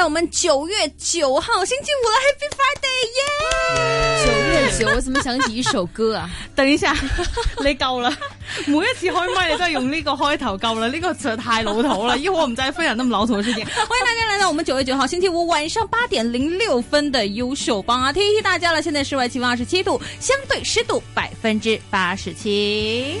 在我們九月九號星期五了，Happy Friday，耶！九月九， 我怎麼想起一首歌啊？等一下，你夠了。每一次開麥， 你都係用這個開頭，夠了，這個實在太老土了。 因為我唔再分享那咁老土嘅事情。歡迎大家來到我們九月九號星期五晚上八點零六分的優秀幫啊！提提大家了，現在室外氣溫二十七度，相對濕度百分之八十七。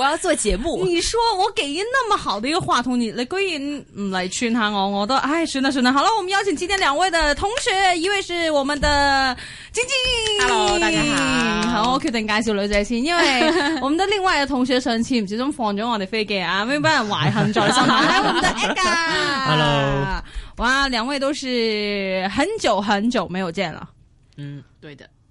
我要做節目， 你說我給你那麼好的一個話筒，你你居然唔嚟勸下我，我都哎，算了算了，好了，我們邀請今天兩位的同學，一位是我們的晶晶，Hello，大家好，好，我決定介紹女仔先，因為我們的另外一個同學上次唔小心放咗我哋飛機啊，俾人懷恨在心， Hi, 我們的 Edgar，Hello，哇，兩位都是很久很久沒有見了，嗯，對的。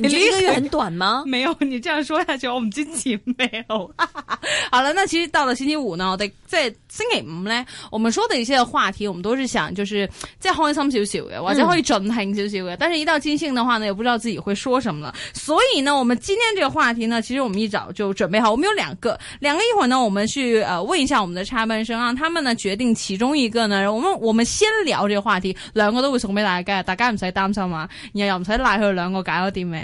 你覺得一個月很短嗎？短嗎 沒有，你這樣說下去我們沒有哈哈哈，好了，那其實到了星期五呢，我得再，即星期五呢，我們說的一些話題，我們都是想就是再好一堂小小或者好一整堂小小嘅。嗯、但是一到今次的話呢，也不知道自己會說什麼了。所以呢，我們今天這個話題呢，其實我們一早就準備好，我們有兩個，兩個。一會兒呢，我們去呃問一下我們的插班生、啊，讓他們呢決定其中一個呢。我們我們先聊這個話題，兩個都會送給大家，大家唔使擔心嘛，然後又唔使賴佢兩個揀咗啲咩。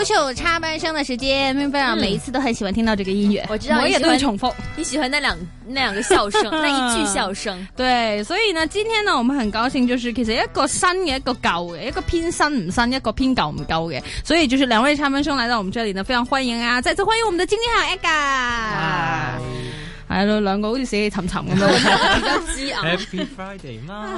優秀插班生的時間，明白。每一次都很喜歡聽到這個音樂，我知道我也都會重複。你喜歡那兩那兩個笑聲，那一句笑聲，對。所以呢，今天呢，我們很高興，就是其實一個新嘅，一個舊嘅，一個偏新唔新，一個偏舊唔舊嘅。所以就是兩位插班生來到我們這裡呢，非常歡迎啊！再次歡迎我們的經理好 Ega 係咯，兩個好似死氣沉沉咁樣，比較激昂。Happy Friday 嘛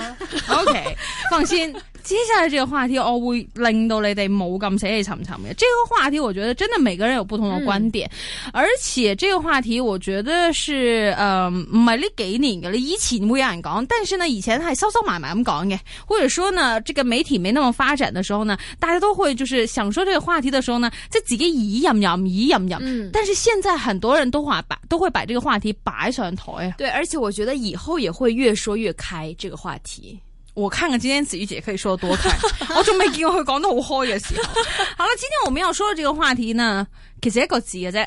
？OK，放心。接下來這個話題，我會令到你哋冇咁死氣沉沉。這個話題，我覺得真的每個人有不同的觀點，嗯、而且這個話題，我覺得是呃唔係呢幾年嘅。你以前會有人講，但是呢，以前係收收埋埋咁講嘅，或者說呢，這個媒體沒那麼發展的時候呢，大家都會就是想說這個話題的時候呢，即係自己一樣一樣，一樣一樣。但是現在很多人都話把，都會把這個話題擺上台啊。對，而且我覺得以後也會越說越開這個話題。我看看今天子怡姐可以說得多開， 我仲未見過佢講得好開嘅時候。 好了，今天我們要說的這個話題呢，其實一個字嘅啫。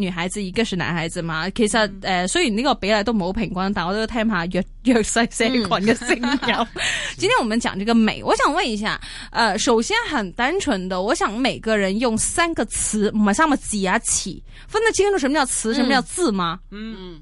女孩子一個是男孩子嘛，其實誒、呃，所以呢個比例都冇平均，但我都聽下粵粵西社群嘅聲音。嗯、 今天我們講呢個美，我想問一下，誒、呃，首先很單純的，我想每個人用三個詞，唔係三個字啊，起分得清楚什麼叫詞，什麼叫字嗎？嗯。嗯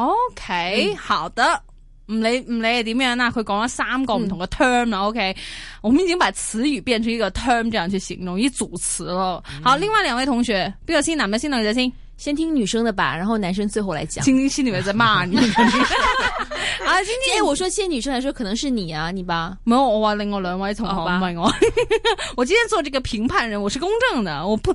O Okay , K、嗯、好的，唔理唔理係點樣啦，佢講咗三個唔同嘅 term 啦、嗯。O、okay? K，我們已經把詞語變成一個 term 這樣去形容一組詞咯。嗯、好，另外兩位同學，比較新男的新男的新先，男比較先，女比較先，先聽女生的吧，然後男生最後來講。聽聽心裏面在罵你。 啊，今天誒，我說，先女生來說，可能是你啊，你吧。冇，我話另外兩位同學，唔係我，我今天做這個評判人，我是公正的，我不。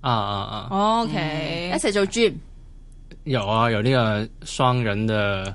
啊啊啊！OK，一齊做 gym。Gym. 有啊，有呢個雙人的。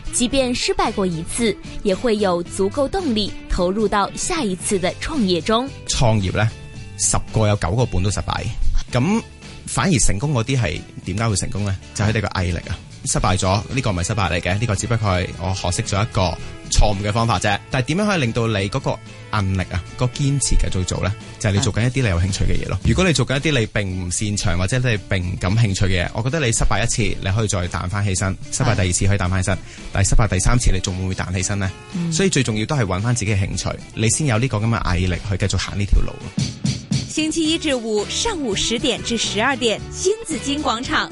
即便失敗過一次，也會有足夠動力投入到下一次嘅創業中。創業咧，十個有九個半都失敗，咁反而成功嗰啲係點解會成功咧？就係、是、你個毅力啊！失敗咗，呢、這個唔係失敗嚟嘅，呢、這個只不過係我學識咗一個錯誤嘅方法啫。但係點樣可以令到你嗰個毅力啊，嗰個堅持繼續做呢？就係、是、你做緊一啲你有興趣嘅嘢咯。嗯、如果你做緊一啲你並唔擅長或者你並唔感興趣嘅嘢，我覺得你失敗一次你可以再彈翻起身，失敗第二次可以彈翻起身，嗯、但係失敗第三次你仲會唔會彈起身呢？嗯、所以最重要都係揾翻自己嘅興趣，你先有呢個咁嘅毅力去繼續行呢條路。星期一至五上午十點至十二點，金紫荊廣場。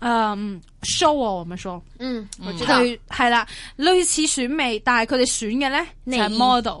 嗯，um，show 啊，我咪 show，嗯，我知道，佢係啦，類似選美，但係佢哋選嘅咧就係 model。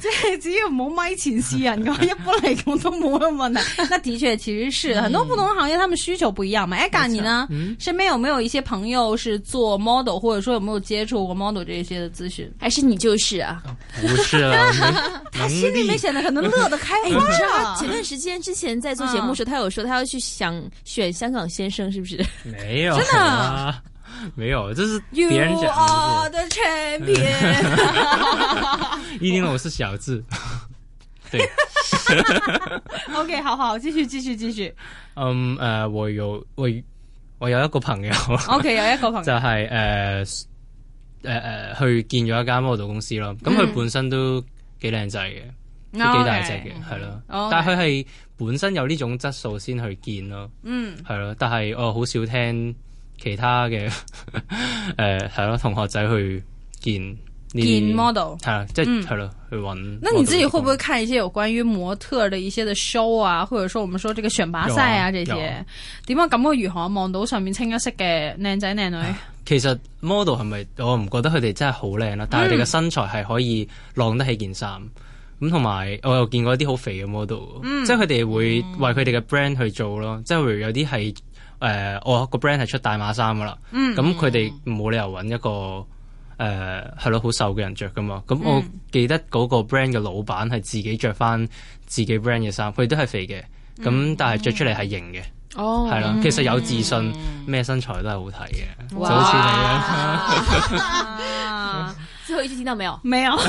即係只要冇咪前視人嘅，一般嚟講都冇那麼難。那的確其實是，很多不同的行業，他們需求不一樣嘛。哎 Ella 你呢？身邊有沒有一些朋友是做 model，或者說有沒有接觸過 model 這些的諮詢？還是你就是啊？不是，他心裏面顯得可能樂得開花。你知道前段時間之前在做節目時候，他有說他要去想選香港先生，是不是？沒有，真的。沒有，就是別人講。一定我係小智。O K，好好，繼續繼續繼續。嗯，誒，我有我有一個朋友。O K，有一個朋友就係誒誒誒去見咗一間 model 公司咯。咁佢本身都幾靚仔嘅，都幾大隻嘅，係咯。但係佢係本身有呢種質素先去見咯。嗯，係咯。但係我好少聽。其他嘅誒，係、嗯、咯，同學仔去見呢 model，係啦，即係咯，就是嗯、去搵。那你自己會不會看一些有關於模特兒的一些嘅 show 啊，或者說我們說這個選拔賽啊,啊，這些點樣咁樣如何望到上面清一色嘅靚仔靚女、啊？其實 model 係咪我唔覺得佢哋真係好靚啦，但係佢哋嘅身材係可以晾得起件衫。咁同埋我又見過一啲好肥嘅 model，、嗯、即係佢哋會為佢哋嘅 brand 去做咯，即係、嗯、有啲係。誒，我個 brand 係出大碼衫噶啦，咁佢哋冇理由揾一個誒係咯，好瘦嘅人着噶嘛。咁我記得嗰個 brand 嘅老闆係自己着翻自己 brand 嘅衫，佢哋都係肥嘅，咁但係着出嚟係型嘅，係啦，其實有自信咩身材都係好睇嘅，就好似你啊。最後一集聽到沒有？沒有，不要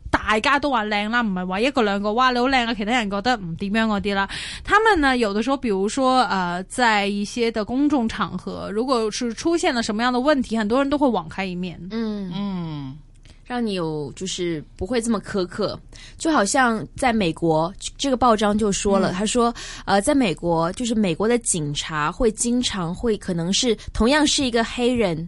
大家都話靚啦，唔係話一個兩個，哇，你好靚啊！其他人覺得唔點樣嗰啲啦。他們呢，有的時候，比如說呃，在一些的公眾場合，如果是出現了什麼樣的問題，很多人都會網開一面。嗯嗯，嗯讓你有就是不會這麼苛刻。就好像在美國，這個報章就說了，他、嗯、說，呃，在美國，就是美國的警察會經常會可能是同樣是一個黑人。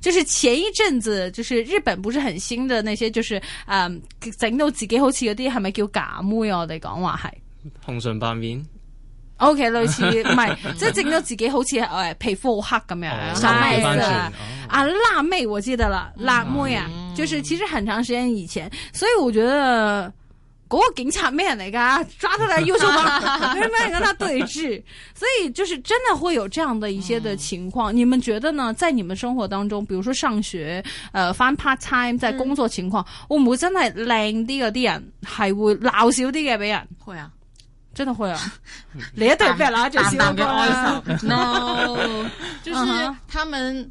就是前一陣子，就是日本不是很新的那些，就是嗯，整到自己好似有啲，係咪叫假妹啊？我哋講話係紅唇白面。OK，類似，唔係、okay，即係 整到自己好似誒皮膚好黑咁樣。辣妹、 哎？啊，啊哦、辣妹，我知得啦，辣妹啊，就是其實很長時間以前，所以我覺得。嗰個警察咩人嚟噶？抓到個優秀班，咩人跟他對峙，所以就是真的會有這樣的一些的情況。你們覺得呢？在你們生活當中，比如說上學、呃，翻 part time 在工作情況，會唔會真係靚啲嗰啲人係會鬧少啲嘅俾人？會啊，真係會啊，連對白拉就死啦！No，就是他們。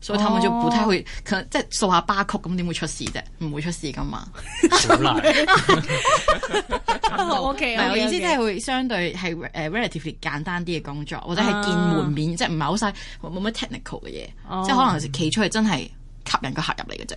所以佢咪就部梯去，即係掃下巴曲咁，點會出事啫？唔會出事噶嘛。O K 我意思即係會相對係誒 relatively 簡單啲嘅工作，或者係見門面，oh. 即係唔係好晒，冇乜 technical 嘅嘢，oh. 即係可能企出去真係吸引個客入嚟嘅啫。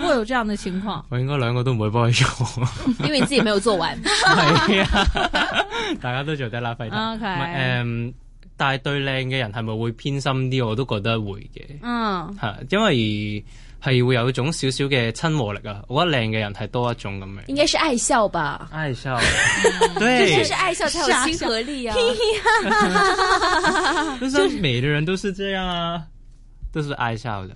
會有這樣的情況，我應該兩個都唔會幫你做，因為你自己沒有做完。係 大家都做得拉飛啲。誒 Okay.、嗯，但係對靚嘅人係咪會偏心啲？我都覺得會嘅。嗯，係，因為係會有一種少少嘅親和力啊。我覺得靚嘅人係多一種咁樣。應該是愛笑吧？愛笑的， 對，就是愛笑才有親和力啊。哈哈就是靚嘅人都是這樣啊，都是愛笑的。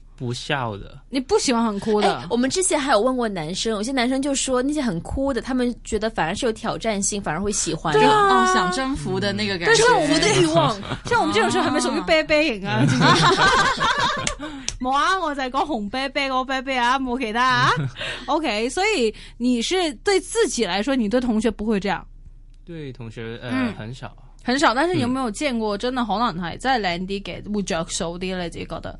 不笑的，你不喜歡很哭的。我們之前還有問過男生，有些男生就說那些很哭的，他們覺得反而是有挑戰性，反而會喜歡，想征服的那個感覺。但是我們的欲望。像我們這種時候還沒屬於啤啤型啊？冇啊，我在係講紅啤啤，個啤啤啊，冇其他。OK，所以你是對自己來說，你對同學不會這樣？對同學，呃，很少，很少。但是有沒有見過真的可能係真係靚啲嘅，會着數啲？你自己覺得？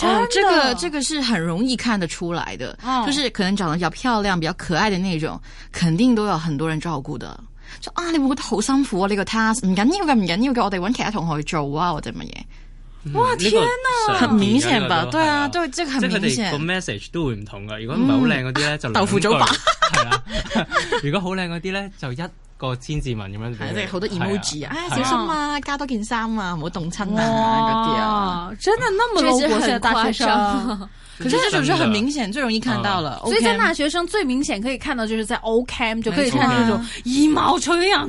哦，這個這個是很容易看得出來的，哦、就是可能長得比較漂亮、比較可愛的那種，肯定都有很多人照顧的就。啊，你會唔覺得好辛苦啊？呢、這個 task 唔緊要嘅，唔緊要嘅，我哋揾其他同學去做啊，或者乜嘢。嗯、哇，天啊，很明顯吧？這個對啊，都即係明顯。即個 message 都會唔同嘅。如果唔係好靚嗰啲咧，就、嗯啊、豆腐祖吧的。係啦。如果好靚嗰啲咧，就一。個千字文咁樣，即係好多 emoji 啊！小心啊，哎、啊加多件衫啊，唔好凍親啊！嗰啲啊，真係咁多，我哋大學生，其實可是這種就是很明顯，嗯、最容易看到了。O、所以，在大學生最明顯可以看到，就是在 OK 就可以看到那種衣帽穿樣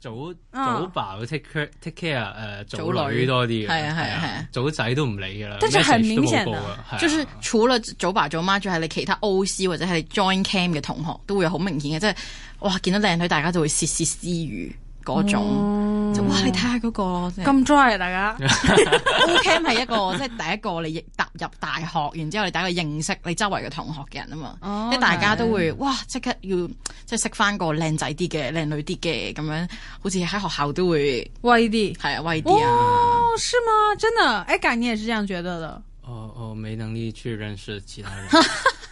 祖早，早爸都 take care、哦、take care，祖、uh, 女，早女多啲嘅，係啊係啊係啊，祖仔都唔理噶啦，都冇報啊，是啊就是除了祖爸祖媽，仲係你其他 OC 或者係 join camp 嘅同學，都會有好明顯嘅，即、就、係、是、哇見到靚女，大家就會竊竊私語。嗰種、嗯、就哇！你睇下嗰個咁麼 dry 大家 ，Ocam 係一個即係第一個你踏入大學，然之後你第一個認識你周圍嘅同學嘅人啊嘛，oh, okay. 即係大家都會哇即刻要即係識翻個靚仔啲嘅、靚女啲嘅咁樣，好似喺學校都會威啲，係呀，威啲呀？哦，是嗎？真的？誒、欸，咁你也是這樣覺得的？哦哦，我沒能力去認識其他人。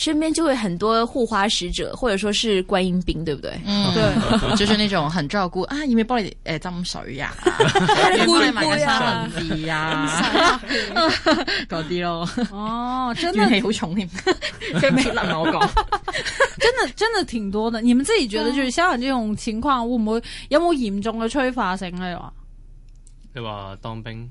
身邊就會很多護花使者，或者說是觀音兵，對不對？嗯，對， 就是那種很照顧啊，有沒有幫你，哎、欸，斟水呀，幫你買個三文治呀 啊，嗰啲 咯。哦，怨氣好重添，佢未我講，真的真的挺多的。你們自己覺得，就是香港這種情況，會唔會有冇嚴重嘅催化性啊？你話當兵？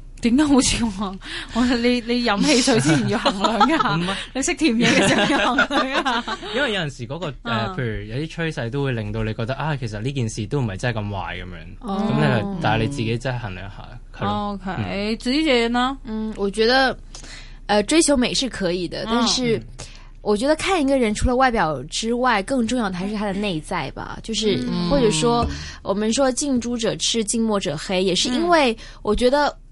點解好似我、啊？我你你飲汽水之前要衡量一下， 你識甜嘢嘅時候要衡量一下。 因為有陣時嗰、那個誒、呃，譬如有啲趨勢都會令到你覺得啊，啊，其實呢件事都唔係真係咁壞咁樣。咁你、哦、但係你自己真係衡量一下，係咯、哦。O K，主持人呢嗯，我覺得呃追求美是可以的，哦、但是我覺得看一個人除了外表之外，更重要的還是他的內在吧。就是、嗯、或者說，嗯、我們說近朱者赤，近墨者黑，也是因為我覺得。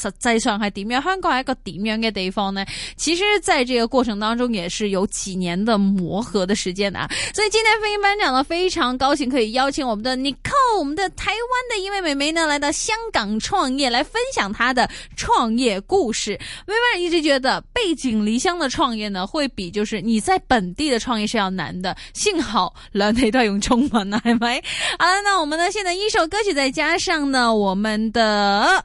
實際上係點樣？香港係一個點樣嘅地方呢？其實，在這個過程當中，也是有幾年的磨合的時間啊。所以今天飛行班長呢，非常高興可以邀請我們的 Nicole，我們的台灣的一位美眉呢，來到香港創業，來分享她的創業故事。微威一直覺得背井離鄉的創業呢，會比就是你在本地的創業是要難的。幸好帶用中文了，得到永春呢係咪。好了，那我們呢，現在一首歌曲，再加上呢，我們的。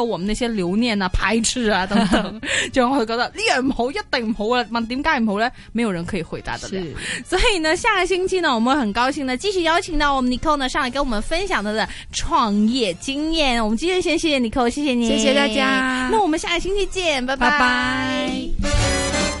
包括我們那些留念啊、排斥啊等等， 就我會覺得呢樣唔好，一定唔好啊。問點解唔好呢？沒有人可以回答的。是所以呢，下個星期呢，我們很高興呢，繼續邀請到我們 Nico 呢上來跟我們分享她的創業經驗。我們今天先謝謝 Nico，謝謝您，謝謝大家。那我們下個星期見，拜拜拜。Bye bye